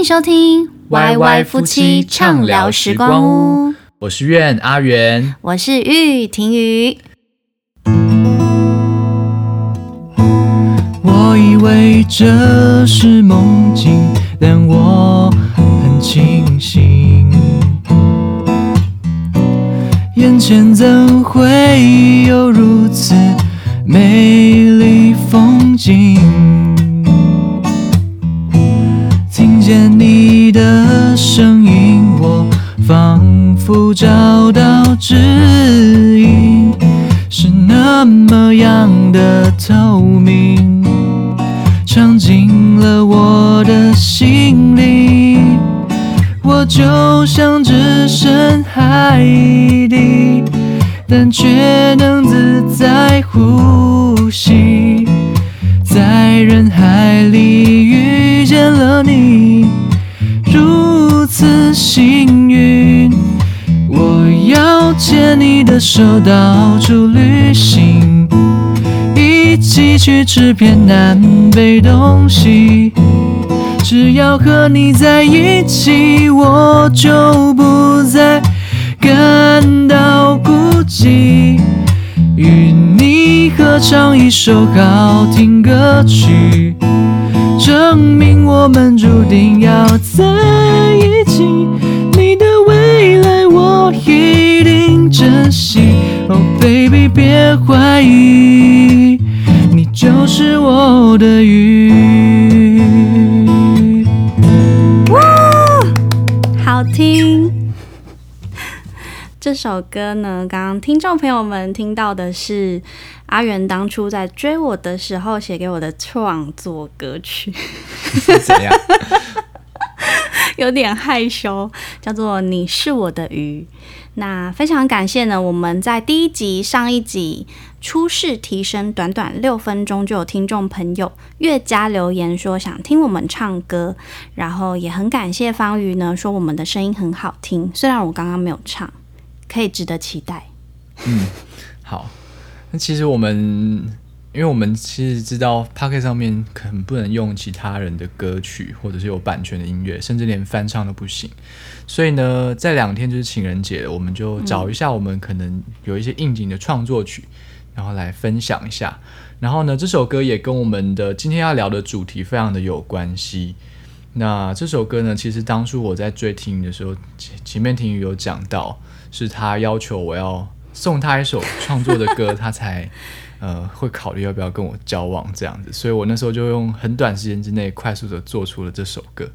歡迎收聽《YY 夫妻暢聊時光屋》，我是苑阿元，我是玉婷雨。我以為這是夢境，但我很清醒，眼前怎會有如此美麗風景？透明，闖進了我的心裡。我就像置身海底，但卻能自在呼吸。在人海裡遇見了你，如此幸運。我要牽你的手，到處旅行。一起去吃遍南北東西，只要和你在一起，我就不再感到孤寂。與你合唱一首好聽歌曲，證明我們注定要在一起。你的未來我一定珍惜，Oh baby，別懷疑。是我的魚，哇，好聽！ 這首歌呢，剛剛聽眾朋友們聽到的是阿元當初在追我的時候寫給我的創作歌曲，怎麼樣？ 有點害羞，叫做“你是我的魚”。那非常感謝呢，我們在第一集、上一集初試啼聲，短短六分鐘就有聽眾朋友踴躍留言說想聽我們唱歌，然後也很感謝方瑜呢，說我們的聲音很好聽，雖然我剛剛沒有唱，可以值得期待。嗯，好，那其實我們。因為我們其實知道 Podcast 上面可能不能用其他人的歌曲，或者是有版權的音樂，甚至連翻唱都不行。所以呢，再兩天就是情人節了，我們就找一下我們可能有一些應景的創作曲，然後來分享一下。然後呢，這首歌也跟我們的今天要聊的主題非常的有關係。那這首歌呢，其實當初我在追聽的時候，前面聽雨有講到，是他要求我要送他一首創作的歌， 他才。呃，會考慮要不要跟我交往這樣子，所以我那時候就用很短時間之內快速的做出了這首歌，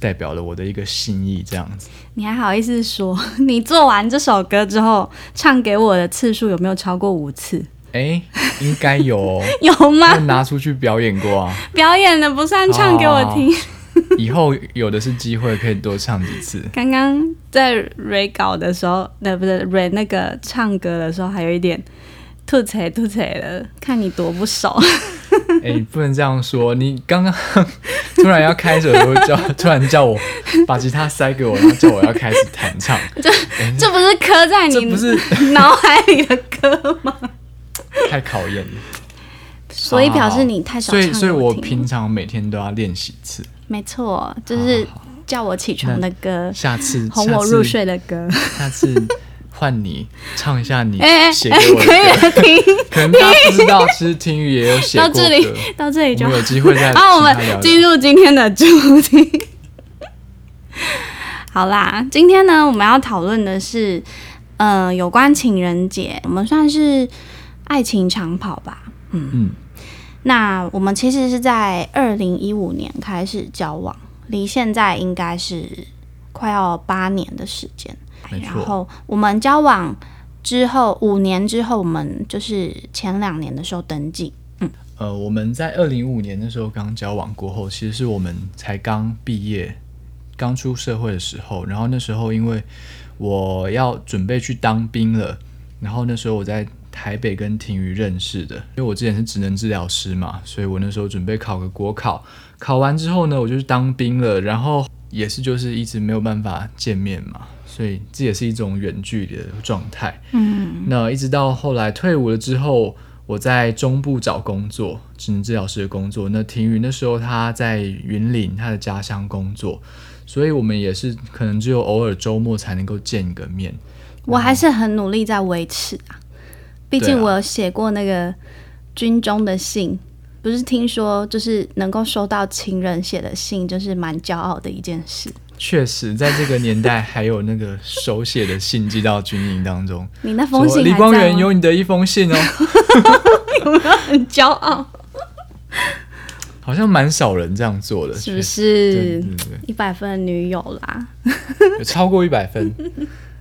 代表了我的一個心意這樣子。你還好意思說，你做完這首歌之後唱給我的次數有沒有超過五次？哎、欸，應該有。 有嗎？有拿出去表演過啊。 表演的不算唱給我聽。哦、以後有的是機會，可以多唱幾次。剛 剛在 rec 搞的時候，那不是 rec 那個唱歌的時候，還有一點。吐槽吐槽了，看你多不爽哎，欸、你不能這樣說。你剛剛突然要開始的時候，就 叫突然叫我把吉他塞給我，然後叫我要開始彈唱。 這、欸、這不是刻在你不是 腦海裡的歌嗎？太考驗了。所以表示你太小。所以，所以我平常每天都要練習一次。沒錯，就是叫我起床的歌，好好下次哄我入睡的歌，下次。下次 換你唱一下，你寫給我的歌，欸欸、可以聽， 可能大家不知道，其實聽語也有寫到這裡，到這裡就有機會再聽他。好，我們進入今天的主題。 好啦，今天呢，我們要討論的是，呃，有關情人節。我們算是愛情長跑吧？嗯嗯。那我們其實是在二零一五年開始交往，離現在應該是快要八年的時間。沒錯，然後我們交往之後五年之後，我們就是前兩年的時候登記。嗯，呃，我們在二零一五年的時候剛交往過後，其實是我們才剛畢業、剛出社會的時候。然後那時候因為我要準備去當兵了，然後那時候我在台北跟婷瑜認識的，因為我之前是職能治療師嘛，所以我那時候準備考個國考，考完之後呢，我就去當兵了，然後也是就是一直沒有辦法見面嘛。所以這也是一種遠距離的狀態。嗯，那一直到後來退伍了之後，我在中部找工作，職能治療師的工作。那庭妤那時候他在雲林，他的家鄉工作，所以我們也是可能只有偶爾週末才能夠見個面。我還是很努力在維持啊，畢竟我有寫過那個軍中的信，不是聽說就是能夠收到情人寫的信，就是蠻驕傲的一件事。確實，在這個年代還有那個手寫的信寄到軍營當中。 你那封信，李光源有你的一封信哦， 很驕傲。好像蠻少人這樣做的，是不是？對對對。一百分的女友啦， 有超過一百分。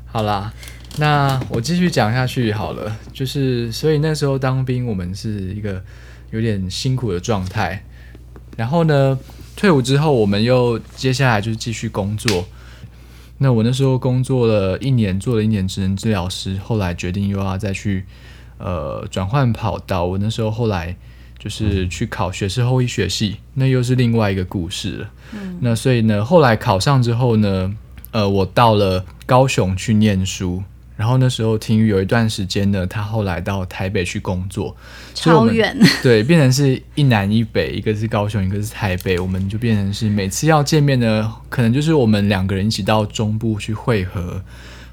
好啦，那我繼續講下去好了。就是，所以那時候當兵，我們是一個有點辛苦的狀態。然後呢，退伍之後，我們又接下來就是繼續工作。那我那時候工作了一年，做了一年職能治療師，後來決定又要再去呃轉換跑道。我那時候後來就是去考學士後醫學系，嗯，那又是另外一個故事了，嗯。那所以呢，後來考上之後呢，呃，我到了高雄去唸書。然後那時候，庭宇有一段時間呢，他後來到台北去工作，超遠，對，變成是一南一北，一個是高雄，一個是台北，我們就變成是每次要見面呢，可能就是我們兩個人一起到中部去會合，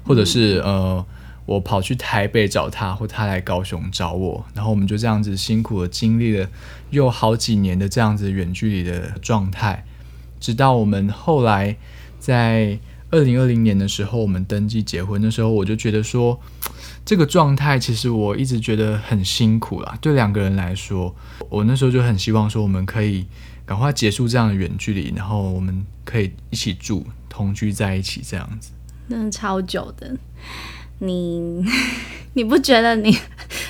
或者是呃，我跑去台北找他，或他來高雄找我，然後我們就這樣子辛苦的經歷了又好幾年的這樣子遠距離的狀態，直到我們後來在，二零二零年的時候，我們登記結婚的時候，我就覺得說，這個狀態其實我一直覺得很辛苦啦。對兩個人來說，我那時候就很希望說，我們可以趕快結束這樣的遠距離，然後我們可以一起住，同居在一起這樣子。那超久的，你你不覺得你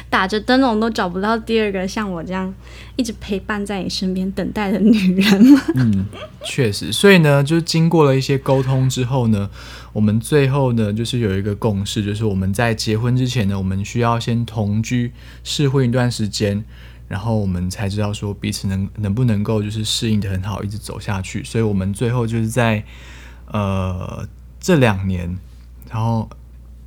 打着燈籠都找不到第二個像我這樣？一直陪伴在你身邊等待的女人。嗯，確實。所以呢，就是經過了一些溝通之後呢，我們最後呢，就是有一個共識，就是我們在結婚之前呢，我們需要先同居試婚一段時間，然後我們才知道說彼此能能不能夠就是適應得很好，一直走下去。所以，我們最後就是在呃這兩年，然後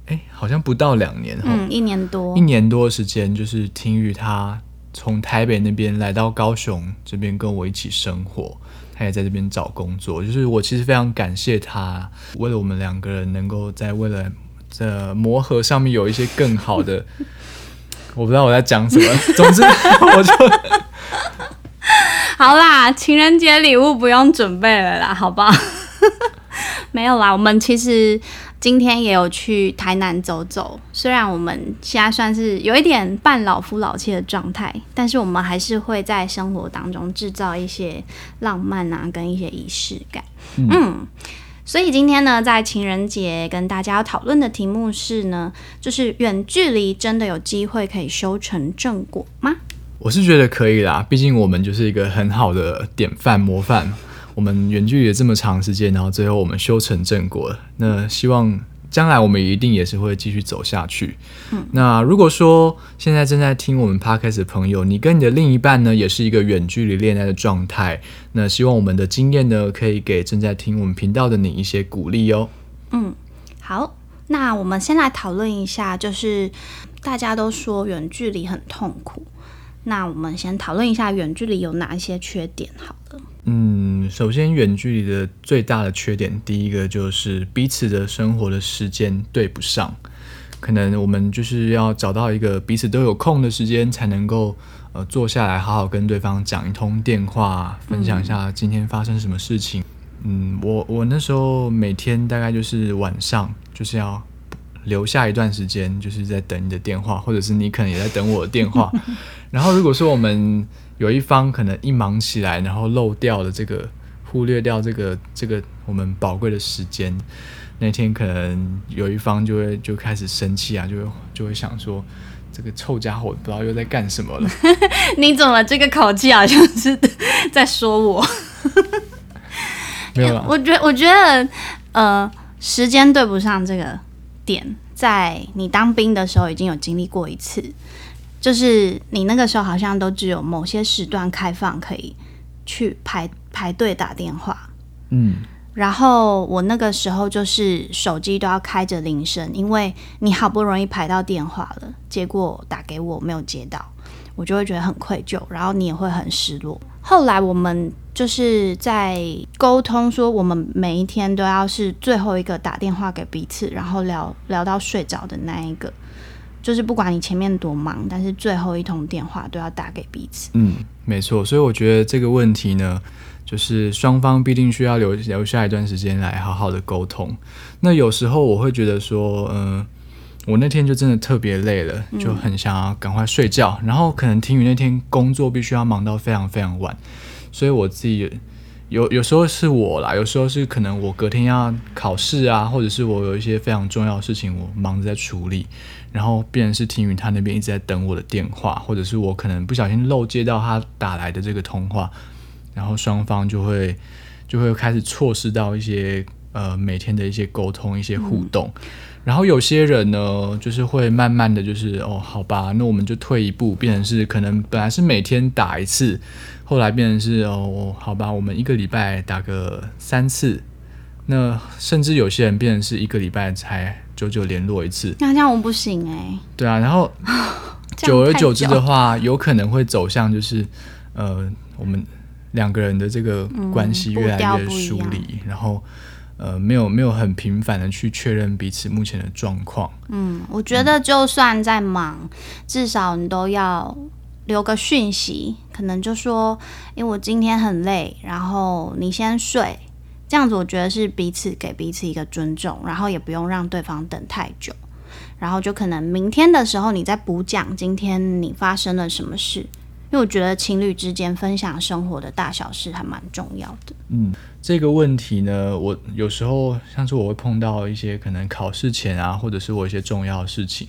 哎、欸，好像不到兩年，嗯，一年多，一年多的時間，就是聽雨他。從台北那邊來到高雄這邊跟我一起生活，他也在這邊找工作。就是我其實非常感謝他，為了我們兩個人能夠在未來這磨合上面有一些更好的， 我不知道我在講什麼。總之， 我就好啦，情人節禮物不用準備了啦，好不好？ 沒有啦，我們其實。今天也有去台南走走，雖然我們現在算是有一點半老夫老妻的狀態，但是我們還是會在生活當中製造一些浪漫啊，跟一些儀式感嗯。嗯，所以今天呢，在情人節跟大家要討論的題目是呢，就是遠距離真的有機會可以修成正果嗎？我是覺得可以啦，畢竟我們就是一個很好的典範模範。我們遠距離這麼長時間，然後最後我們修成正果了。那希望將來我們一定也是會繼續走下去。嗯，那如果說現在正在聽我們 Podcast 的朋友，你跟你的另一半呢，也是一個遠距離戀愛的狀態。那希望我們的經驗呢，可以給正在聽我們頻道的你一些鼓勵哦。嗯，好，那我們先來討論一下，就是大家都說遠距離很痛苦。那我們先討論一下遠距離有哪一些缺點好了？好的。嗯，首先遠距離的最大的缺點，第一個就是彼此的生活的時間對不上，可能我們就是要找到一個彼此都有空的時間，才能夠呃坐下來好好跟對方講一通電話，分享一下今天發生什麼事情。嗯，嗯我我那時候每天大概就是晚上就是要留下一段時間，就是在等你的電話，或者是你可能也在等我的電話。 然後如果說我們有一方可能一忙起來，然後漏掉了這個忽略掉這個這個我們寶貴的時間，那天可能有一方就會就開始生氣啊，就會就會想說這個臭傢伙不知道又在幹什麼了。 你怎麼這個口氣好像是在說我？ 沒有，我覺得我覺得呃，時間對不上這個點，在你當兵的時候已經有經歷過一次。就是你那個時候好像都只有某些時段開放可以去排排隊打電話，嗯，然後我那個時候就是手機都要開着鈴聲，因為你好不容易排到電話了，結果打給我沒有接到，我就會覺得很愧疚，然後你也會很失落。後來我們就是在溝通說，我們每一天都要是最後一個打電話給彼此，然後聊聊到睡着的那一個。就是不管你前面多忙，但是最後一通電話都要打給彼此。嗯，沒錯。所以我覺得這個問題呢，就是雙方必定需要留留下一段時間來好好的溝通。那有時候我會覺得說，嗯，呃，我那天就真的特別累了，就很想要趕快睡覺，嗯。然後可能聽雨那天工作必須要忙到非常非常晚，所以我自己有有時候是我啦，有時候是可能我隔天要考試啊，或者是我有一些非常重要的事情，我忙着在處理。然後變成是聽雨，他那邊一直在等我的電話，或者是我可能不小心漏接到他打來的這個通話，然後雙方就會就會開始錯失到一些呃每天的一些溝通、一些互動、嗯。然後有些人呢，就是會慢慢的就是哦，好吧，那我們就退一步，變成是可能本來是每天打一次，後來變成是哦，好吧，我們一個禮拜打個三次。那甚至有些人變成是一個禮拜才。久久聯絡一次，那這樣我不行哎、欸。對啊，然後 久、久而久之的話，有可能會走向就是，呃，我們兩個人的這個關係越來越疏離、嗯，然後呃，沒有沒有很頻繁的去確認彼此目前的狀況。嗯，我覺得就算再忙，嗯、至少你都要留個訊息，可能就說，因、欸、為我今天很累，然後你先睡。這樣子，我覺得是彼此給彼此一個尊重，然後也不用讓對方等太久，然後就可能明天的時候，你再補講今天你發生了什麼事，因為我覺得情侶之間分享生活的大小事還蠻重要的。嗯，這個問題呢，我有時候像是我會碰到一些可能考試前啊，或者是我一些重要的事情，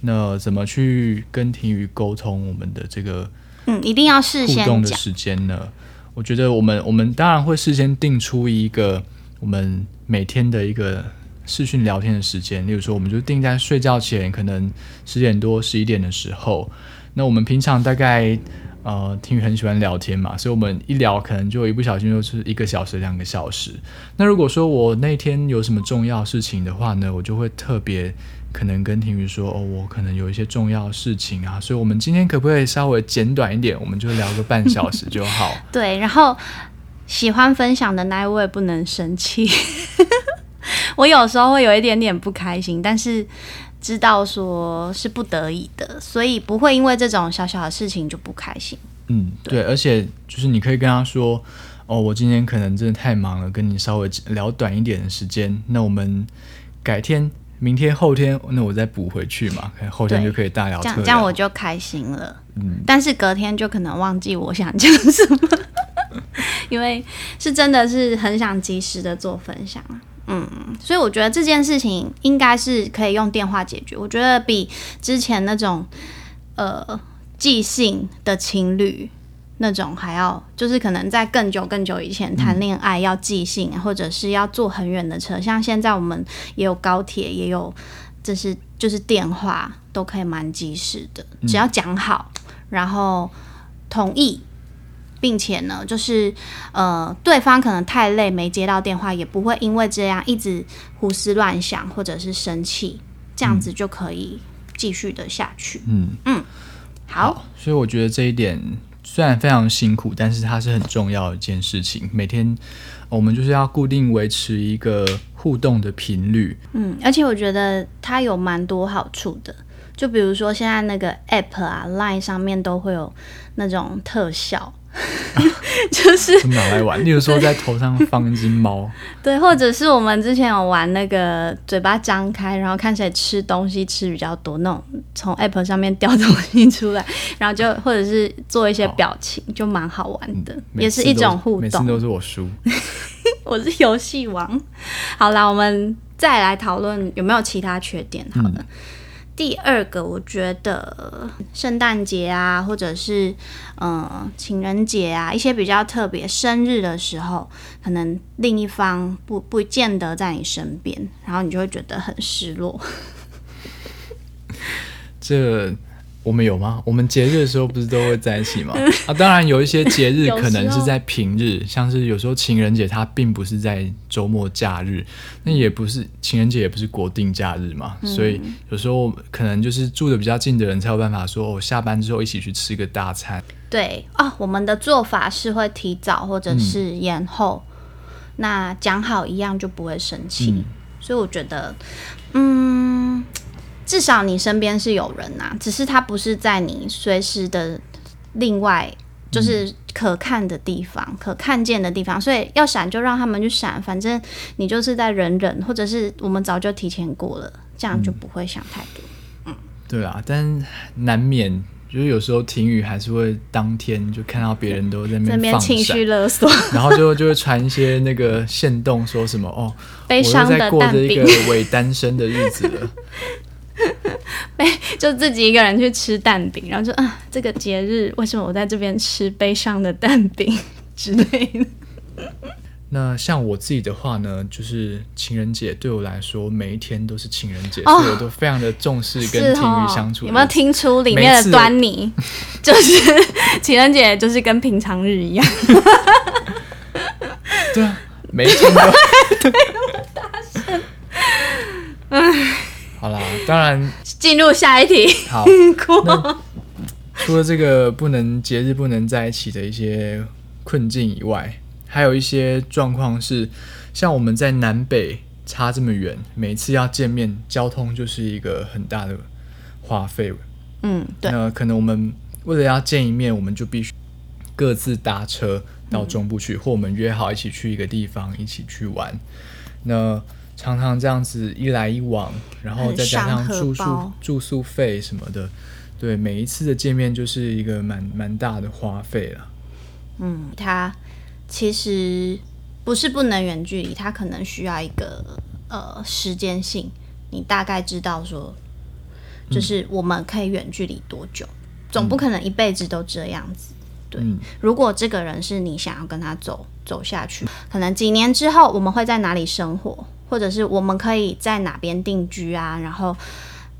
那怎麼去跟婷瑜溝通我們的這個的嗯，一定要事先互動的時間呢？我覺得我們我們當然會事先定出一個我們每天的一個視訊聊天的時間，例如說我們就定在睡覺前，可能十點多十一點的時候。那我們平常大概呃挺很喜歡聊天嘛，所以我們一聊可能就一不小心就是一個小時兩個小時。那如果說我那天有什麼重要事情的話呢，我就會特別。可能跟婷瑜說，哦，我可能有一些重要的事情啊，所以我們今天可不可以稍微簡短一點？我們就聊個半小時就好。 對，然後喜歡分享的那一位不能生氣， 我有時候會有一點點不開心，但是知道說是不得已的，所以不會因為這種小小的事情就不開心。嗯，對，對，而且就是你可以跟他說，哦，我今天可能真的太忙了，跟你稍微聊短一點的時間，那我們改天。明天後天，那我再補回去嘛，可能後天就可以大聊特聊這樣，這樣我就開心了。嗯，但是隔天就可能忘記我想講什麼， 因為是真的是很想及時的做分享。嗯，所以我覺得這件事情應該是可以用電話解決。我覺得比之前那種呃即興的情侶。那種還要就是可能在更久更久以前談戀愛、嗯、要寄信，或者是要坐很遠的車，像現在我們也有高鐵，也有就是就是電話都可以蠻及時的，只要講好，嗯、然後同意，並且呢，就是呃對方可能太累沒接到電話，也不會因為這樣一直胡思亂想或者是生氣，這樣子就可以繼續的下去。嗯嗯，好，所以我覺得這一點。雖然非常辛苦，但是它是很重要的一件事情。每天我們就是要固定維持一個互動的頻率。嗯，而且我覺得它有蠻多好處的。就比如說現在那個 App 啊、LINE 上面都會有那種特效。 就是拿來玩，例如說在頭上放一隻貓， 對，或者是我們之前有玩那個嘴巴張開，然後看誰吃東西吃比較多，那種從 App 上面叼東西出來， 然後就或者是做一些表情，哦、就蠻好玩的、嗯，也是一種互動。每次都是我輸， 我是遊戲王。好啦，我們再來討論有沒有其他缺點好，好、嗯、的。第二個，我覺得聖誕節啊，或者是嗯、呃、情人節啊，一些比較特別生日的時候，可能另一方不不見得在你身邊，然後你就會覺得很失落。這。我們有嗎？我們節日的時候不是都會在一起嗎？ 啊，當然有一些節日可能是在平日，像是有時候情人節它並不是在周末假日，那也不是情人節，也不是國定假日嘛、嗯，所以有時候可能就是住得比較近的人才有辦法說，我、哦、下班之後一起去吃個大餐。對啊、哦，我們的做法是會提早或者是延後，嗯、那講好一樣就不會生氣、嗯，所以我覺得，嗯。至少你身邊是有人吶、啊，只是他不是在你隨時的另外就是可看的地方、嗯、可看見的地方，所以要閃就讓他們去閃，反正你就是在忍忍，或者是我們早就提前過了，這樣就不會想太多。嗯，嗯對啊，但難免就是有時候停雨還是會當天就看到別人都在那邊、嗯、情緒勒索，然後就就會傳一些那個限動，說什麼 哦，悲傷的淡我在過着一個偽單身的日子了 就自己一個人去吃蛋餅，然後就啊，這個節日為什麼我在這邊吃悲傷的蛋餅之類的？那像我自己的話呢，就是情人節對我來說每一天都是情人節、哦，所以我都非常的重視跟體育相處、哦。有沒有聽出裡面的端倪？就是 情人節就是跟平常日一樣。 對啊，沒聽 對，那麼大聲，哎、 嗯。好啦，當然進入下一題。好，除了這個不能節日不能在一起的一些困境以外，還有一些狀況是，像我們在南北差這麼遠，每次要見面，交通就是一個很大的花費。嗯，對。那可能我們為了要見一面，我們就必須各自搭車到中部去，嗯，或我們約好一起去一個地方一起去玩。那常常這樣子一來一往，然後再加上住宿上住宿費什麼的，對，每一次的見面就是一個蠻蠻大的花費了。嗯，他其實不是不能遠距離，他可能需要一個呃時間性。你大概知道說，就是我們可以遠距離多久？嗯，總不可能一輩子都這樣子。嗯。對，如果這個人是你想要跟他走走下去，可能幾年之後我們會在哪裡生活？或者是我們可以在哪邊定居啊？然後，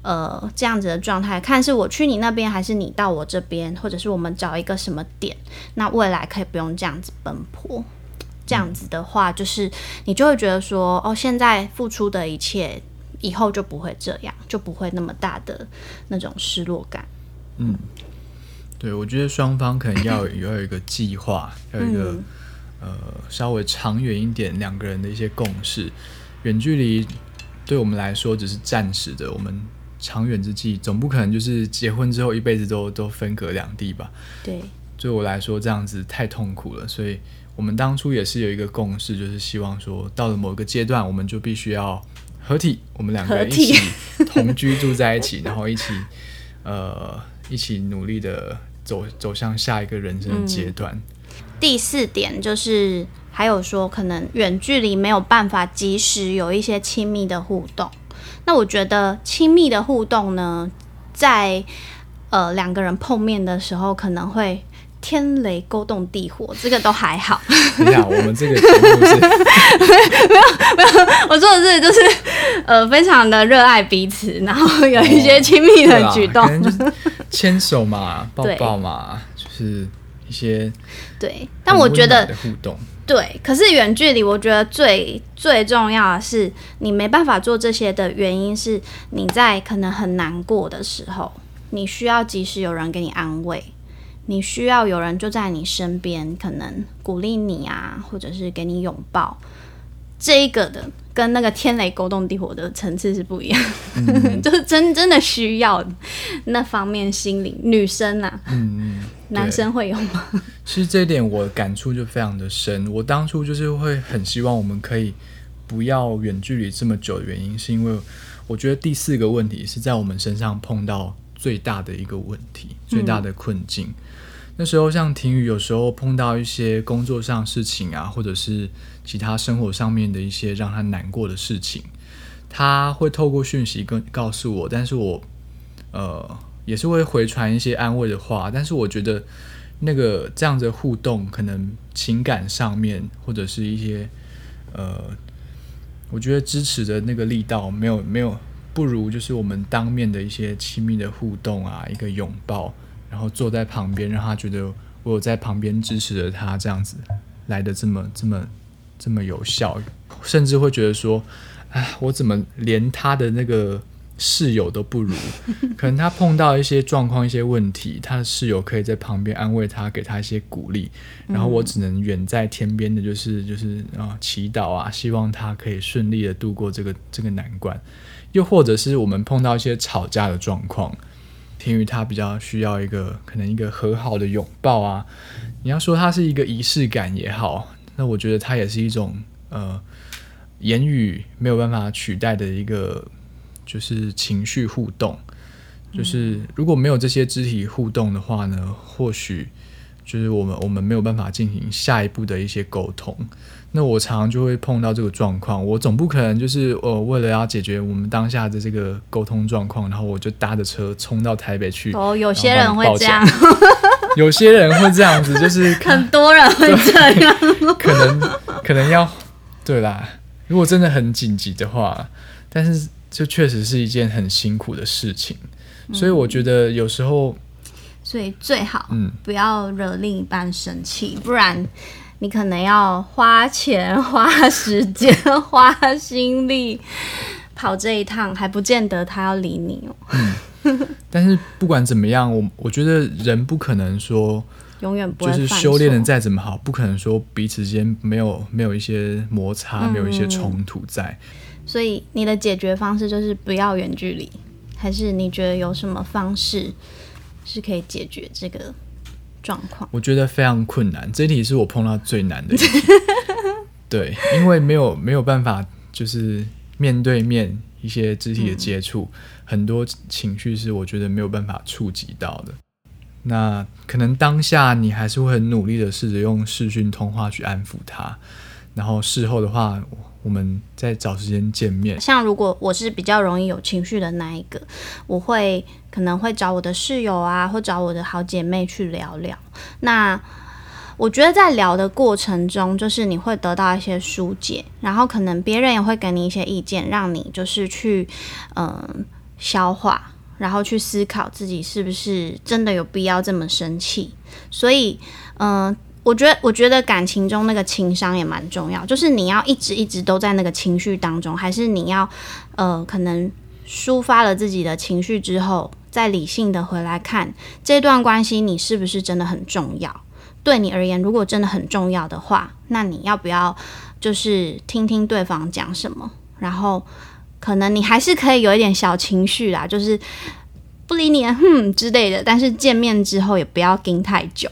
呃，這樣子的狀態看是我去你那邊，還是你到我這邊，或者是我們找一個什麼點，那未來可以不用這樣子奔波。這樣子的話，嗯，就是你就會覺得說，哦，現在付出的一切，以後就不會這樣，就不會那麼大的那種失落感。嗯，對，我覺得雙方可能要有 要有一個計劃，要有一個、嗯、呃稍微長遠一點兩個人的一些共識。遠距離對我們來說只是暫時的，我們長遠之計總不可能就是結婚之後一輩子都都分隔兩地吧？對，對我來說這樣子太痛苦了，所以我們當初也是有一個共識，就是希望說到了某個階段，我們就必須要合體，我們兩個一起同居住在一起， 然後一起呃一起努力的走走向下一個人生的階段。嗯。第四點就是。還有說，可能遠距離沒有辦法及時有一些親密的互動。那我覺得親密的互動呢，在呃兩個人碰面的時候，可能會天雷勾動地火，這個都還好。沒有，我們這個是 沒有沒有沒有，我說的是就是呃，非常的熱愛彼此，然後有一些親密的舉動，牽、哦、手嘛， 抱抱嘛，就是。一些，對，但我覺得對，可是遠距離，我覺得最最重要的是，你沒辦法做這些的原因是，你在可能很難過的時候，你需要及時有人給你安慰，你需要有人就在你身邊，可能鼓勵你啊，或者是給你擁抱。這一個的跟那個天雷勾動地火的層次是不一樣，嗯、 就是真真的需要的那方面心靈，女生吶、啊。嗯男生會有嗎？其實這一點我感觸就非常的深。我當初就是會很希望我們可以不要遠距離這麼久的原因，是因為我覺得第四個問題是在我們身上碰到最大的一個問題，最大的困境。嗯、那時候像婷雨，有時候碰到一些工作上事情啊，或者是其他生活上面的一些讓他難過的事情，他會透過訊息跟告訴我，但是我呃。也是會回傳一些安慰的話，但是我覺得那個這樣子的互動，可能情感上面或者是一些呃，我覺得支持的那個力道沒有沒有不如就是我們當面的一些親密的互動啊，一個擁抱，然後坐在旁邊讓他覺得我有在旁邊支持着他，這樣子來得這麼這麼這麼有效，甚至會覺得說，哎，我怎麼連他的那個。室友都不如，可能他碰到一些狀況、 一些問題，他的室友可以在旁邊安慰他，給他一些鼓勵。然後我只能遠在天邊的、就是，就是就是啊，祈禱啊，希望他可以順利的度過這個這個難關。又或者是我們碰到一些吵架的狀況，天宇他比較需要一個可能一個和好的擁抱啊。你要說他是一個儀式感也好，那我覺得他也是一種呃，言語沒有辦法取代的一個。就是情緒互動，就是如果沒有這些肢體互動的話呢，嗯、或許就是我們我們沒有辦法進行下一步的一些溝通。那我常常就會碰到這個狀況，我總不可能就是呃，為了要解決我們當下的這個溝通狀況，然後我就搭着車衝到台北去。哦，有些人會這樣， 有些人會這樣子，就是很多人會這樣，可能可能要對啦，如果真的很緊急的話，但是。這確實是一件很辛苦的事情。嗯，所以我覺得有時候，所以最好嗯不要惹另一半生氣。嗯，不然你可能要花錢、花時間、 花心力跑這一趟，還不見得他要理你哦。嗯、 但是不管怎麼樣，我我覺得人不可能說永遠不會就是修煉的再怎麼好，不可能說彼此之間沒有沒有一些摩擦，沒有一些衝突在。嗯所以你的解決方式就是不要遠距離，還是你覺得有什麼方式是可以解決這個狀況？我覺得非常困難，這題是我碰到最難的題。 對，因為沒有沒有辦法，就是面對面一些肢體的接觸、嗯，很多情緒是我覺得沒有辦法觸及到的。那可能當下你還是會很努力的試着用視訊通話去安撫他，然後事後的話。我們再找時間見面。像如果我是比較容易有情緒的那一個，我會可能會找我的室友啊，或找我的好姐妹去聊聊。那我覺得在聊的過程中，就是你會得到一些疏解，然後可能別人也會給你一些意見，讓你就是去嗯、呃、消化，然後去思考自己是不是真的有必要這麼生氣。所以嗯。呃我覺得，我覺得感情中那個情商也蠻重要，就是你要一直一直都在那個情緒當中，還是你要呃，可能抒發了自己的情緒之後，再理性的回來看這段關係，你是不是真的很重要？對你而言，如果真的很重要的話，那你要不要就是聽聽對方講什麼？然後可能你還是可以有一點小情緒啦，就是不理你，哼、嗯、之類的。但是見面之後也不要盯太久。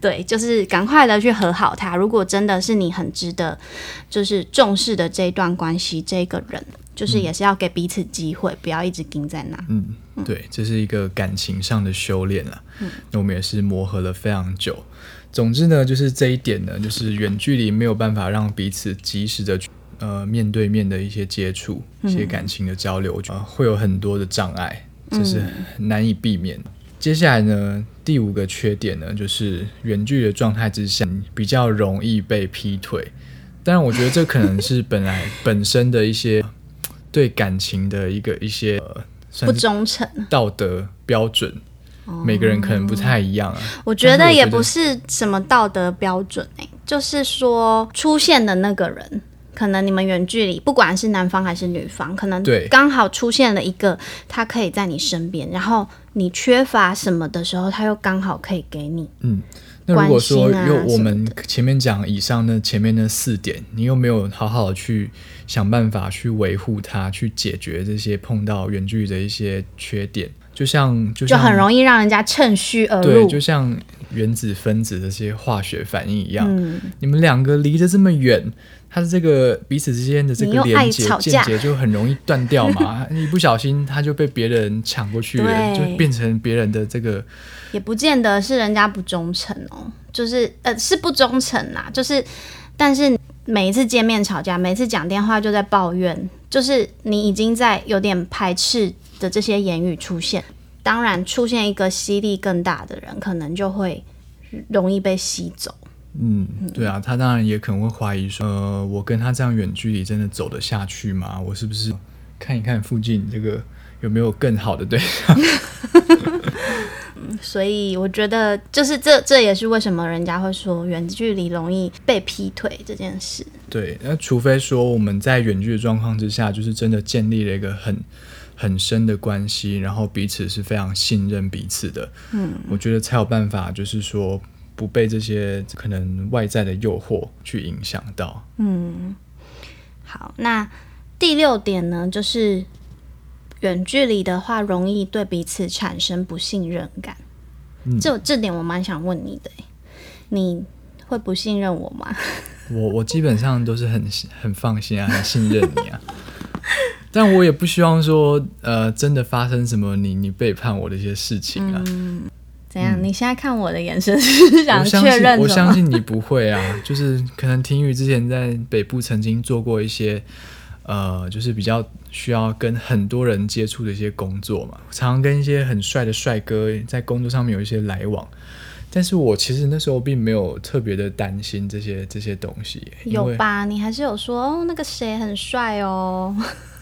對，就是趕快的去和好他。如果真的是你很值得，就是重視的這一段關係，這個人就是也是要給彼此機會，嗯、不要一直盯在那、嗯。嗯，對，這是一個感情上的修煉了、嗯。那我們也是磨合了非常久。總之呢，就是這一點呢，就是遠距離沒有辦法讓彼此及時的去呃面對面的一些接觸、一些感情的交流，啊、嗯呃，會有很多的障礙，就是很難以避免、嗯。接下來呢？第五個缺點呢，就是遠距的狀態之下比較容易被劈腿，但我覺得這可能是本來 本身的一些對感情的一個一些不忠誠道德標準，每個人可能不太一樣、啊。哦、我覺得我覺得也不是什麼道德標準、欸、就是說出現的那個人。可能你們遠距離，不管是男方還是女方，可能剛好出現了一個他可以在你身邊，然後你缺乏什麼的時候，他又剛好可以給你、啊。嗯，那如果說又我們前面講以上那前面那四點的，你又沒有好好去想辦法去維護他，去解決這些碰到遠距離的一些缺點，就像，就，像就很容易讓人家趁虛而入，對，就像原子分子這些化學反應一樣。嗯，你們兩個離得這麼遠。他的這個彼此之間的這個連接、連結就很容易斷掉嘛， 一不小心他就被別人搶過去了 就變成別人的這個。也不見得是人家不忠誠哦，就是呃是不忠誠啦，就是但是每一次見面吵架，每次講電話就在抱怨，就是你已經在有點排斥的這些言語出現，當然出現一個吸力更大的人，可能就會容易被吸走。嗯，對啊，他當然也可能會懷疑說，呃，我跟他這樣遠距離真的走得下去嗎？我是不是看一看附近這個有沒有更好的對象？嗯 所以我覺得，就是這這也是為什麼人家會說遠距離容易被劈腿這件事。對，那除非說我們在遠距的狀況之下，就是真的建立了一個很很深的關係，然後彼此是非常信任彼此的，嗯，我覺得才有辦法，就是說。不被這些可能外在的誘惑去影響到。嗯，好，那第六點呢，就是遠距離的話，容易對彼此產生不信任感。這、嗯、這點，我蠻想問你的，你會不信任我嗎？我我基本上都是很很放心啊，很信任你啊。 但我也不希望說，呃，真的發生什麼你你背叛我的一些事情啊。嗯怎樣？你現在看我的眼神是想確認的嗎？嗯，我,相我相信你不會啊， 就是可能聽雨之前在北部曾經做過一些，呃，就是比較需要跟很多人接觸的一些工作嘛，常常跟一些很帥的帥哥在工作上面有一些來往，但是我其實那時候並沒有特別的擔心這些這些東西，有吧？你還是有說哦，那個誰很帥哦。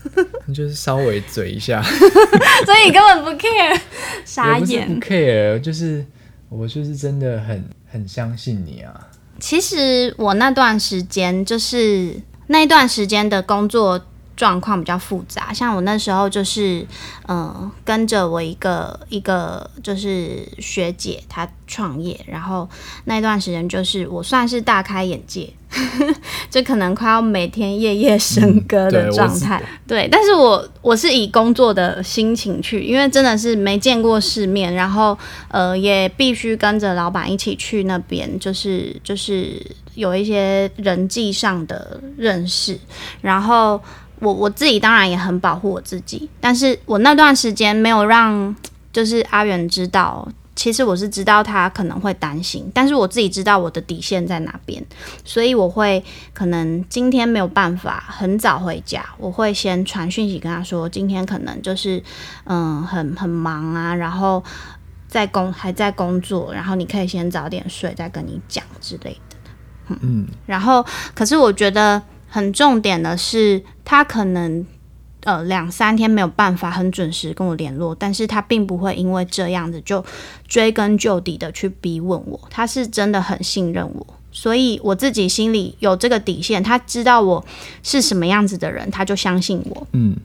你就是稍微嘴一下 ， 所以你根本不 care，傻眼。不是不 care，就是我就是真的很很相信你啊。其實我那段時間就是那段時間的工作。狀況比較複雜，像我那時候就是，嗯、呃，跟着我一個一個就是學姐，她創業，然後那段時間就是我算是大開眼界呵呵，就可能快要每天夜夜笙歌的狀態、嗯，對。但是我我是以工作的心情去，因為真的是沒見過世面，然後呃也必須跟着老闆一起去那邊，就是就是有一些人際上的認識，然後。我我自己當然也很保護我自己，但是我那段時間沒有讓，就是阿遠知道，其實我是知道他可能會擔心，但是我自己知道我的底線在哪邊，所以我會可能今天沒有辦法很早回家，我會先傳訊息跟他說，今天可能就是嗯很很忙啊，然後在工還在工作，然後你可以先早點睡，再跟你講之類的，嗯，嗯然後可是我覺得。很重點的是，他可能呃兩三天沒有辦法很準時跟我聯絡，但是他並不會因為這樣子就追根究底的去逼問我，他是真的很信任我，所以我自己心裡有這個底線，他知道我是什麼樣子的人，他就相信我。嗯，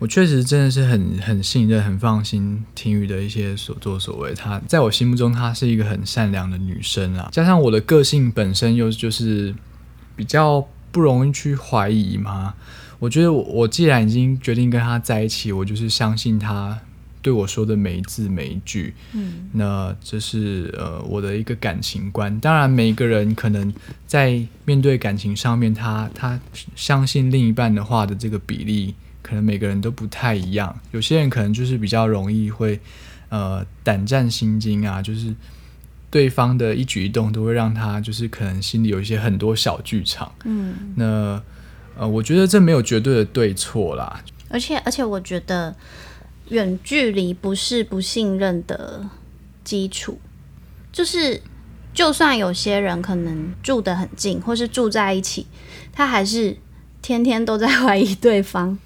我確實真的是很很信任、很放心聽雨的一些所作所為。她在我心目中，她是一個很善良的女生啊，加上我的個性本身又就是比較。不容易去懷疑嗎？我覺得我，我既然已經決定跟他在一起，我就是相信他對我說的每一字每一句。嗯，那這是呃我的一個感情觀。當然，每一個人可能在面對感情上面他，他他相信另一半的話的這個比例，可能每個人都不太一樣。有些人可能就是比較容易會呃膽戰心驚啊，就是。對方的一舉一動都會讓他就是可能心裡有一些很多小劇場。嗯，那呃，我覺得這沒有絕對的對錯啦。而且而且，我覺得遠距離不是不信任的基礎。就是，就算有些人可能住得很近或是住在一起，他還是天天都在懷疑對方。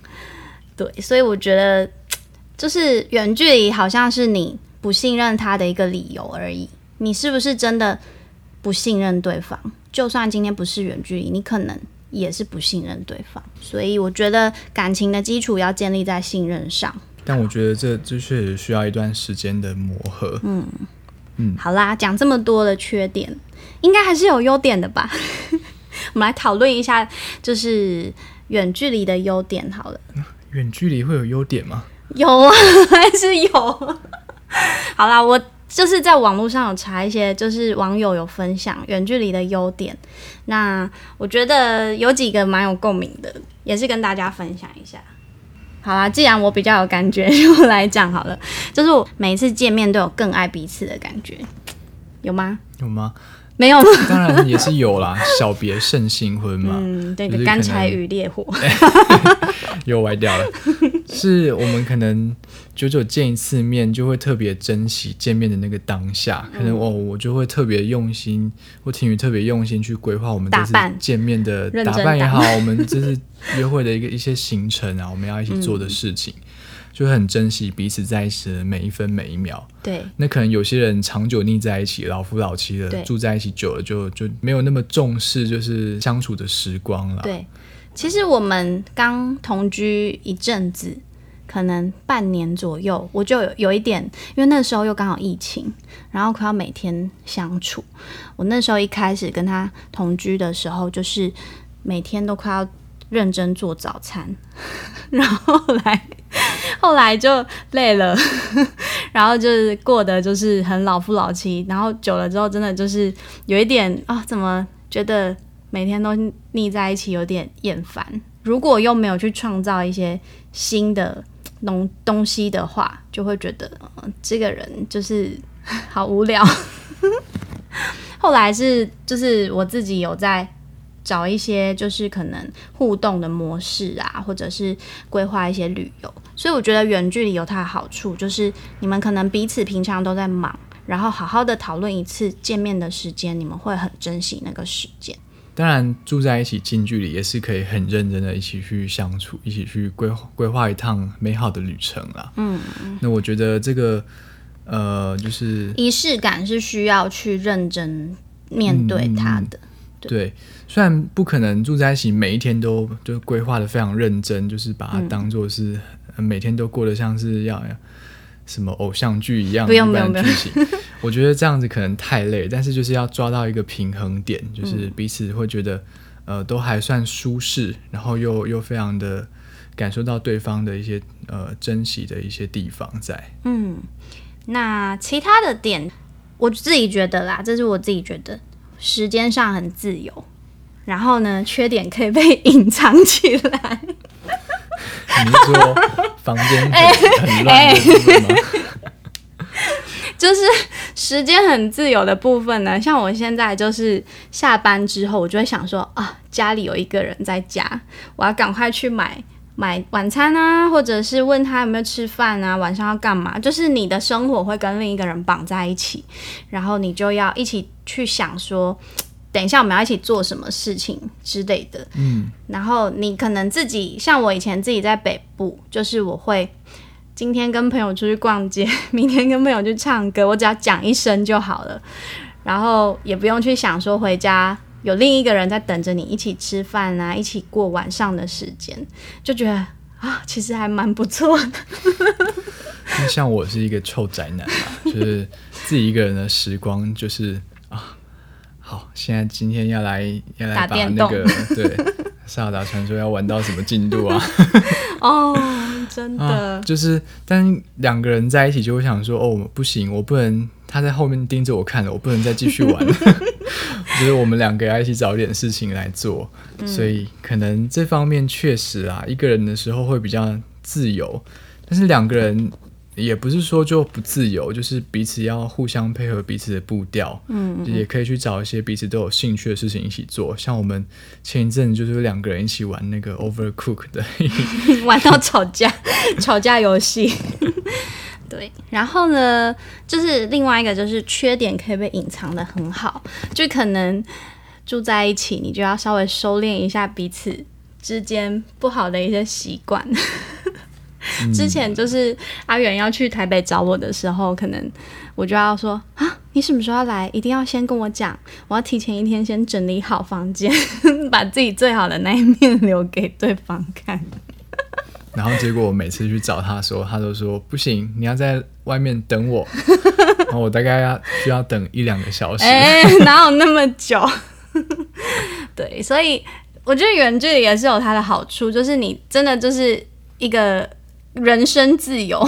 對，所以我覺得就是遠距離好像是你不信任他的一個理由而已。你是不是真的不信任對方？就算今天不是遠距離，你可能也是不信任對方。所以我覺得感情的基礎要建立在信任上。但我覺得這這確實需要一段時間的磨合。嗯嗯，好啦，講這麼多的缺點，應該還是有優點的吧？ 我們來討論一下，就是遠距離的優點。好了，遠距離會有優點嗎？有啊，還是有。 好啦，我。就是在網絡上有查一些，就是網友有分享遠距離的優點。那我覺得有幾個蠻有共鳴的，也是跟大家分享一下。好啦，既然我比較有感覺，就來講好了。就是我每次見面都有更愛彼此的感覺，有嗎？有嗎？沒有，當然也是有啦。 小別勝新婚嘛，嗯，對對、就是，乾柴與烈火，又 歪 掉了。是，我們可能久久見一次面，就會特別珍惜見面的那個當下。可能、嗯、哦，我就會特別用心，或聽雨特別用心去規劃我們這次見面的打扮也好，我們這次約會的一個一些行程啊， 我們要一起做的事情。嗯就很珍惜彼此在一起的每一分每一秒。對，那可能有些人長久膩在一起，老夫老妻的住在一起久了，就就沒有那麼重視，就是相處的時光了。對，其實我們剛同居一陣子，可能半年左右，我就有，有一點，因為那時候又剛好疫情，然後快要每天相處。我那時候一開始跟他同居的時候，就是每天都快要認真做早餐，然後來。 後來就累了，然後就是過得就是很老夫老妻，然後久了之後真的就是有一點啊、哦，怎麼覺得每天都膩在一起有點厭煩？如果又沒有去創造一些新的東東西的話，就會覺得、哦、這個人就是好無聊。後來是就是我自己有在。找一些就是可能互動的模式啊，或者是規劃一些旅遊，所以我覺得遠距離有它的好處，就是你們可能彼此平常都在忙，然後好好的討論一次見面的時間，你們會很珍惜那個時間。當然，住在一起近距離也是可以很認真的一起去相處，一起去規規劃一趟美好的旅程啦。嗯嗯，那我覺得這個呃，就是儀式感是需要去認真面對它的。嗯對，對，雖然不可能住在一起，每一天都就是規劃的非常認真，就是把它當做是、嗯、每天都過得像是要什麼偶像劇一樣，不用一般劇情。不用不用 我覺得這樣子可能太累，但是就是要抓到一個平衡點，就是彼此會覺得、嗯、呃都還算舒適，然後又又非常的感受到對方的一些呃珍惜的一些地方在。嗯，那其他的點我自己覺得啦，這是我自己覺得。時間上很自由，然後呢，缺點，可以被隱藏起來。你說房，房 間很亂，欸、是是，就是時間很自由的部分呢。像我現在就是下班之後，我就會想說啊，家裡有一個人在家，我要趕快去買。買晚餐啊，或者是問他有沒有吃飯啊，晚上要幹嘛？就是你的生活會跟另一個人綁在一起，然後你就要一起去想說，等一下我們要一起做什麼事情之類的。嗯，然後你可能自己，像我以前自己在北部，就是我會今天跟朋友出去逛街，明天跟朋友去唱歌，我只要講一聲就好了，然後也不用去想說回家。有另一個人在等着你一起吃飯啊，一起過晚上的時間，就覺得啊、哦，其實還蠻不錯的。那像我是一個臭宅男、啊， 就是自己一個人的時光就是啊，好，現在今天要來要來把那個打電動 對，《薩爾達傳說》要玩到什麼進度啊？哦、 oh，真的，啊、就是但兩個人在一起就會想說哦，不行，我不能，他在後面盯着我看了，我不能再繼續玩。 就是我們兩個要一起找一點事情來做，嗯，所以可能這方面確實啊，一個人的時候會比較自由，但是兩個人也不是說就不自由，就是彼此要互相配合彼此的步調，嗯，也可以去找一些彼此都有興趣的事情一起做。像我們前一陣就是兩個人一起玩那個 Overcooked 的，玩到吵架， 吵架遊戲。對，然後呢，就是另外一個就是缺點可以被隱藏得很好，就可能住在一起，你就要稍微收斂一下彼此之間不好的一些習慣。嗯。之前就是阿遠要去台北找我的時候，可能我就要說啊，你什麼時候要來，一定要先跟我講，我要提前一天先整理好房間，把自己最好的那一面留給對方看。然後結果我每次去找他的時候，他都說不行，你要在外面等我。 然後我大概要需要等一兩個小時，哎，哪有那麼久？ 對，所以我覺得遠距離也是有它的好處，就是你真的就是一個人身自由、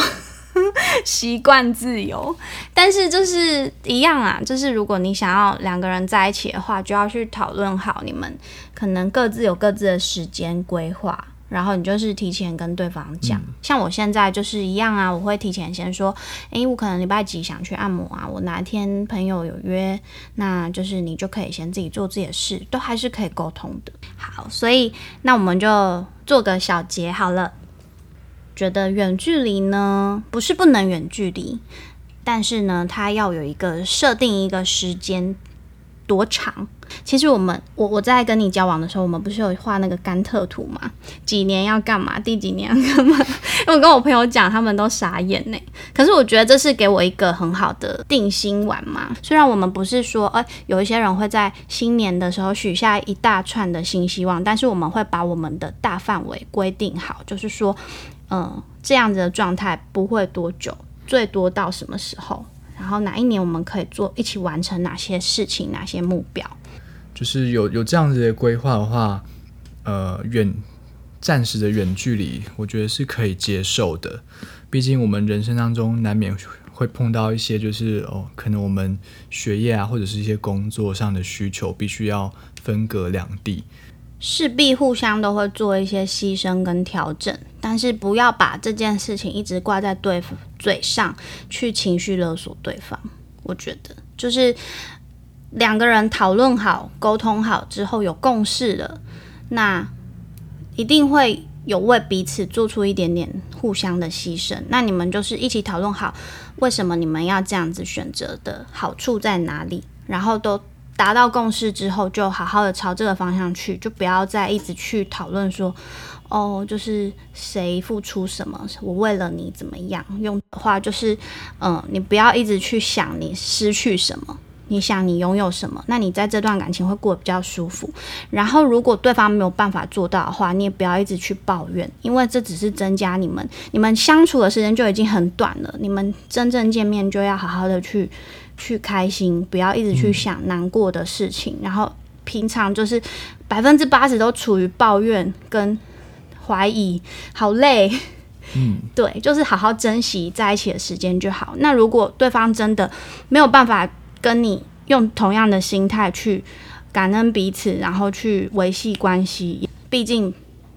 習慣自由。但是就是一樣啊，就是如果你想要兩個人在一起的話，就要去討論好你們可能各自有各自的時間規劃。然後你就是提前跟對方講，像我現在就是一樣啊，我會提前先說，誒，我可能禮拜幾想去按摩啊，我哪天朋友有約，那就是你就可以先自己做自己的事，都還是可以溝通的。好，所以那我們就做個小結好了。覺得遠距離呢，不是不能遠距離，但是呢，它要有一個設定一個時間。多長？其實我們我我在跟你交往的時候，我們不是有畫那個甘特圖嗎？幾年要幹嘛？第幾年要幹嘛？因為我跟我朋友講，他們都傻眼呢。可是我覺得這是給我一個很好的定心丸嘛。雖然我們不是說，哎、呃，有一些人會在新年的時候許下一大串的新希望，但是我們會把我們的大範圍規定好，就是說，嗯、呃，這樣子的狀態不會多久，最多到什麼時候？然後哪一年我們可以做一起完成哪些事情，哪些目標？就是有有這樣子的規劃的話，呃，遠暫時的遠距離，我覺得是可以接受的。畢竟我們人生當中難免會碰到一些，就是哦，可能我們學業啊，或者是一些工作上的需求，必須要分隔兩地。勢必互相都會做一些犧牲跟調整，但是不要把這件事情一直掛在對嘴上去情緒勒索對方。我覺得就是兩個人討論好、溝通好之後有共識了，那一定會有為彼此做出一點點互相的犧牲。那你們就是一起討論好，為什麼你們要這樣子選擇的好處在哪裡，然後都。達到共識之後，就好好的朝這個方向去，就不要再一直去討論說，哦，就是誰付出什麼，我為了你怎麼樣。用的話就是，嗯、呃，你不要一直去想你失去什麼，你想你擁有什麼，那你在這段感情會過得比較舒服。然後，如果對方沒有辦法做到的話，你也不要一直去抱怨，因為這只是增加你們你們相處的時間就已經很短了，你們真正見面就要好好的去。去開心，不要一直去想難過的事情。嗯。然後平常就是百分之八十都處於抱怨跟懷疑，好累。嗯。對，就是好好珍惜在一起的時間就好。那如果對方真的沒有辦法跟你用同樣的心態去感恩彼此，然後去維繫關係，畢竟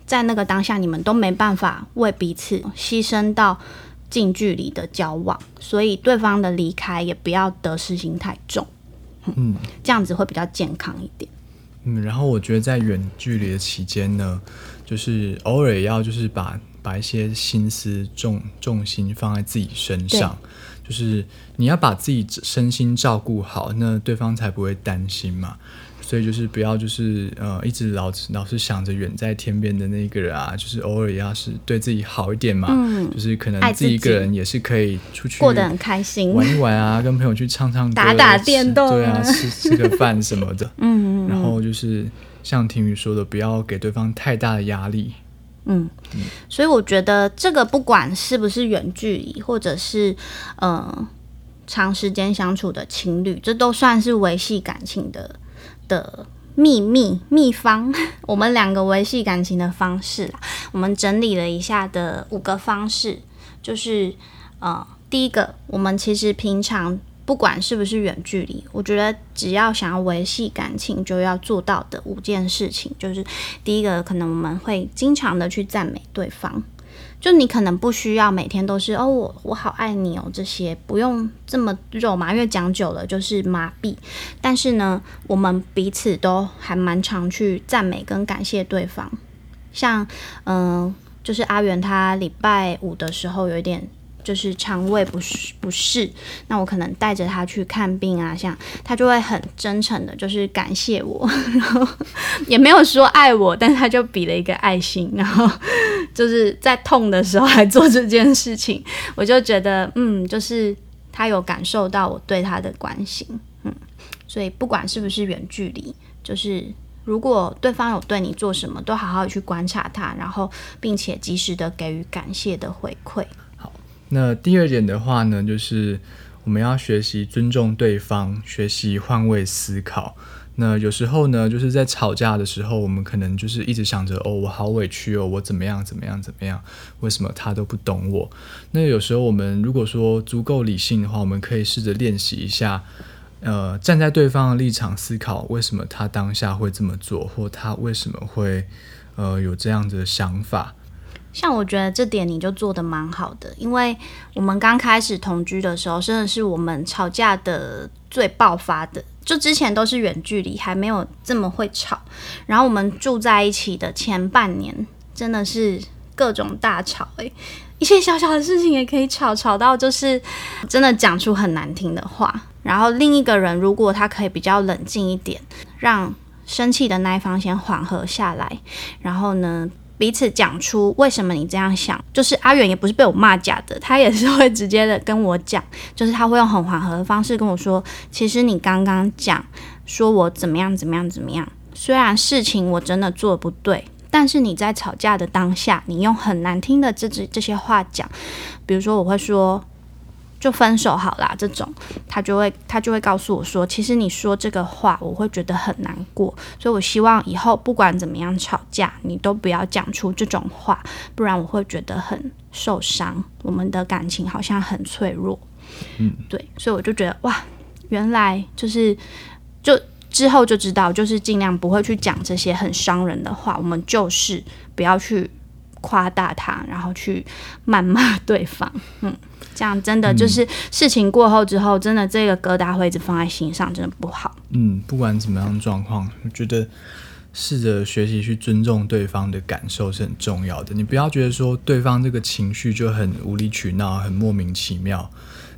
在那個當下你們都沒辦法為彼此犧牲到。近距離的交往，所以對方的離開也不要得失心太重，嗯，這樣子會比較健康一點。嗯，然後我覺得在遠距離的期間呢，就是偶爾也要就是把把一些心思重重心放在自己身上，就是。你要把自己身心照顧好，那對方才不會擔心嘛。所以就是不要就是呃，一直老老是想着遠在天邊的那個人啊，就是偶爾也要是對自己好一點嘛，嗯。就是可能自己一個人也是可以出去玩玩、啊、過得很開心，玩一玩啊，跟朋友去唱唱歌、 打打電動，對啊，吃吃個飯什麼的。嗯，然後就是像婷宇說的，不要給對方太大的壓力，嗯。嗯，所以我覺得這個不管是不是遠距離，或者是嗯。呃長時間相處的情侶，這都算是維繫感情的的秘密秘方。 我們兩個維繫感情的方式啦，我們整理了一下的五個方式，就是呃，第一個，我們其實平常不管是不是遠距離，我覺得只要想要維繫感情，就要做到的五件事情，就是第一個，可能我們會經常的去讚美對方。就你可能不需要每天都是哦，我我好愛你哦，這些不用這麼肉麻，因為講久了就是麻痹。但是呢，我們彼此都還蠻常去讚美跟感謝對方，像嗯、呃，就是阿元他禮拜五的時候有一點。就是腸胃不適不適，那我可能帶着他去看病啊，像他就會很真誠的，就是感謝我，然後也沒有說愛我，但他就比了一個愛心，然後就是在痛的時候還做這件事情，我就覺得嗯，就是他有感受到我對他的關心，嗯，所以不管是不是遠距離，就是如果對方有對你做什麼，都好好去觀察他，然後並且及時的給予感謝的回饋。那第二點的話呢，就是我們要學習尊重對方，學習換位思考。那有時候呢，就是在吵架的時候，我們可能就是一直想着，哦，我好委屈哦，我怎麼樣怎麼樣怎麼樣，為什麼他都不懂我？那有時候我們如果說足夠理性的話，我們可以試着練習一下，呃，站在對方的立場思考，為什麼他當下會這麼做，或他為什麼會呃有這樣的想法。像我覺得這點你就做得蠻好的，因為我們剛開始同居的時候，真的是我們吵架的最爆發的，就之前都是遠距離，還沒有這麼會吵。然後我們住在一起的前半年，真的是各種大吵，哎，一些小小的事情也可以吵，吵到就是真的講出很難聽的話。然後另一個人如果他可以比較冷靜一點，讓生氣的那一方先緩和下來，然後呢，彼此講出為什麼你這樣想，就是阿遠也不是被我罵假的，他也是會直接的跟我講，就是他會用很緩和的方式跟我說，其實你剛剛講說我怎麼樣怎麼樣怎麼樣，雖然事情我真的做不對，但是你在吵架的當下，你用很難聽的這這這些話講，比如說我會說。就分手好了，這種他就會他就會告訴我說，其實你說這個話，我會覺得很難過，所以我希望以後不管怎麼樣吵架，你都不要講出這種話，不然我會覺得很受傷。我們的感情好像很脆弱，嗯，對，所以我就覺得哇，原來就是就之後就知道，就是儘量不會去講這些很傷人的話，我們就是不要去誇大他，然後去謾罵對方，嗯。這樣真的就是事情過後之後，真的這個疙瘩會一直放在心上，真的不好。嗯，不管怎麼樣的狀況，我覺得試着學習去尊重對方的感受是很重要的。你不要覺得說對方這個情緒就很無理取鬧、很莫名其妙，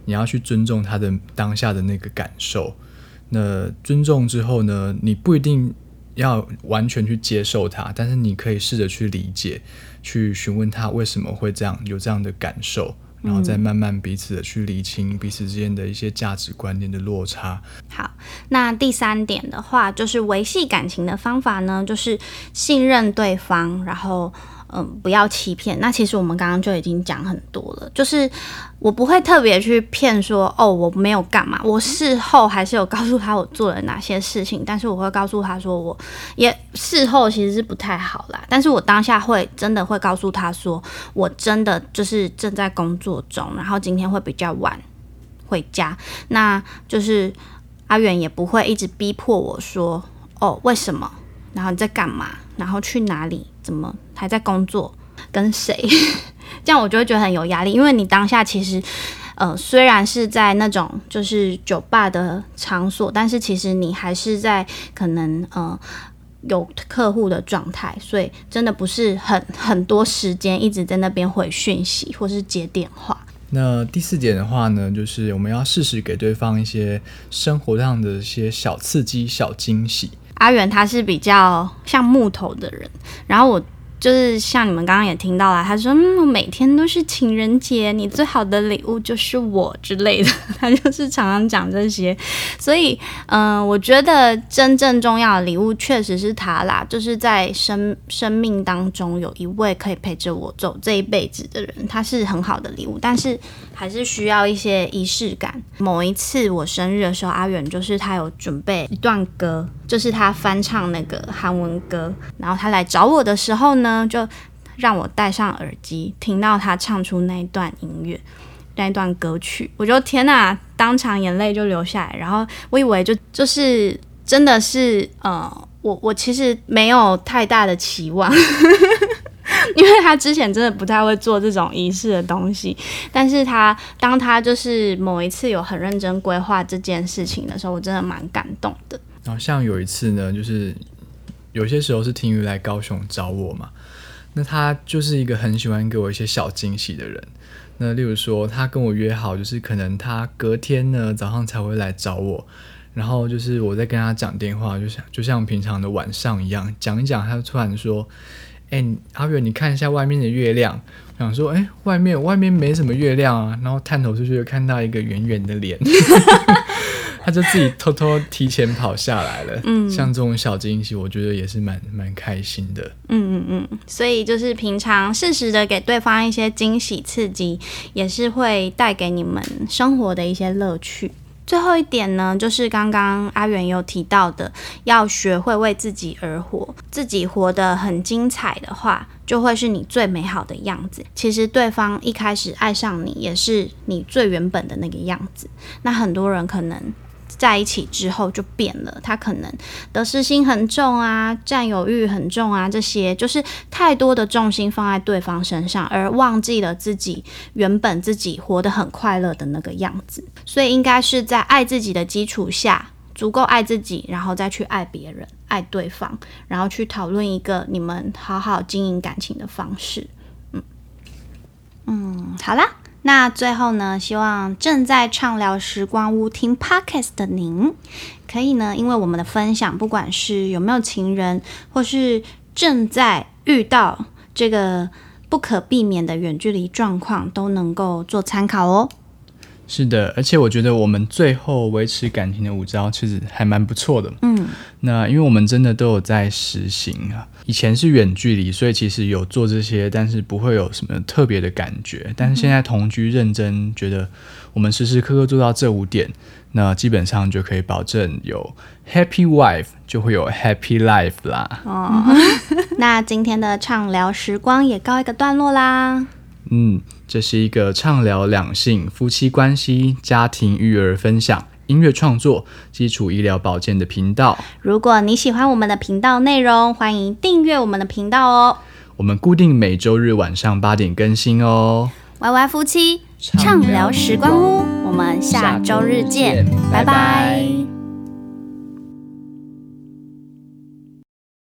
你要去尊重他的當下的那個感受。那尊重之後呢，你不一定要完全去接受他，但是你可以試着去理解，去詢問他為什麼會這樣有這樣的感受。然後再慢慢彼此的去理清彼此之間的一些價值觀念的落差。嗯。好，那第三點的話，就是維繫感情的方法呢，就是信任對方，然後。嗯，不要欺騙。那其實我們剛剛就已經講很多了，就是我不會特別去騙說哦，我沒有幹嘛。我事後還是有告訴他我做了哪些事情，但是我會告訴他說我，我也事後其實是不太好啦。但是我當下會真的會告訴他說，我真的就是正在工作中，然後今天會比較晚回家。那就是阿遠也不會一直逼迫我說哦，為什麼？然後你在幹嘛？然後去哪裡？怎麼？還在工作，跟誰？ 這樣我就會覺得很有壓力，因為你當下其實，呃，雖然是在那種就是酒吧的場所，但是其實你還是在可能呃有客戶的狀態，所以真的不是很很多時間一直在那邊回訊息或是接電話。那第四點的話呢，就是我們要適時給對方一些生活上的一些小刺激、小驚喜。阿元他是比較像木頭的人，然後我。就是像你們剛剛也聽到了，他說：“嗯，我每天都是情人節，你最好的禮物就是我之類的。”他就是常常講這些，所以，嗯、呃，我覺得真正重要的禮物確實是他啦，就是在生生命當中有一位可以陪着我走這一輩子的人，他是很好的禮物，但是。還是需要一些儀式感。某一次我生日的時候，阿遠就是他有準備一段歌，就是他翻唱那個韓文歌。然後他來找我的時候呢，就讓我戴上耳機，聽到他唱出那一段音樂，那一段歌曲。我覺得天哪，當場眼淚就流下來。然後我以為就就是真的是呃，我我其實沒有太大的期望。 因為他之前真的不太會做這種儀式的東西，但是他當他就是某一次有很認真規劃這件事情的時候，我真的蠻感動的。然後像有一次呢，就是有些時候是聽雨來高雄找我嘛，那他就是一個很喜歡給我一些小驚喜的人。那例如說，他跟我約好，就是可能他隔天呢早上才會來找我，然後就是我在跟他講電話，就想就像平常的晚上一樣講一講，他就突然說。哎、欸，阿遠，你看一下外面的月亮。想說，哎、欸，外面外面沒什麼月亮啊，然後探頭出去又看到一個圓圓的臉， 他就自己偷偷提前跑下來了。嗯，像這種小驚喜，我覺得也是蠻蠻開心的。嗯嗯嗯，所以就是平常適時的給對方一些驚喜刺激，也是會帶給你們生活的一些樂趣。最後一點呢，就是剛剛阿遠有提到的，要學會為自己而活，自己活得很精彩的話，就會是你最美好的樣子。其實對方一開始愛上你，也是你最原本的那個樣子。那很多人可能，在一起之後就變了，他可能得失心很重啊，佔有慾很重啊，這些就是太多的重心放在對方身上，而忘記了自己原本自己活得很快樂的那個樣子。所以應該是在愛自己的基礎下，足夠愛自己，然後再去愛別人，愛對方，然後去討論一個你們好好經營感情的方式。嗯嗯，好啦。那最後呢，希望正在暢聊時光屋聽 Podcast 的您，可以呢，因為我們的分享，不管是有沒有情人，或是正在遇到這個不可避免的遠距離狀況，都能夠做參考哦。是的，而且我覺得我們最後維持感情的五招，其實還蠻不錯的。嗯，那因為我們真的都有在實行啊。以前是遠距離，所以其實有做這些，但是不會有什麼特別的感覺。但是現在同居，認真覺得我們時時刻刻做到這五點，那基本上就可以保證有 happy wife，就會有 happy life 啦。哦，那今天的暢聊時光也告一個段落啦。 嗯，這是一個暢聊兩性、夫妻關係、家庭育兒分享。音樂創作、基礎醫療保健的頻道。如果你喜歡我們的頻道內容，歡迎訂閱我們的頻道哦。我們固定每周日晚上八點更新哦。YY 夫妻暢聊時光屋，我們下周日見，拜拜。拜拜拜拜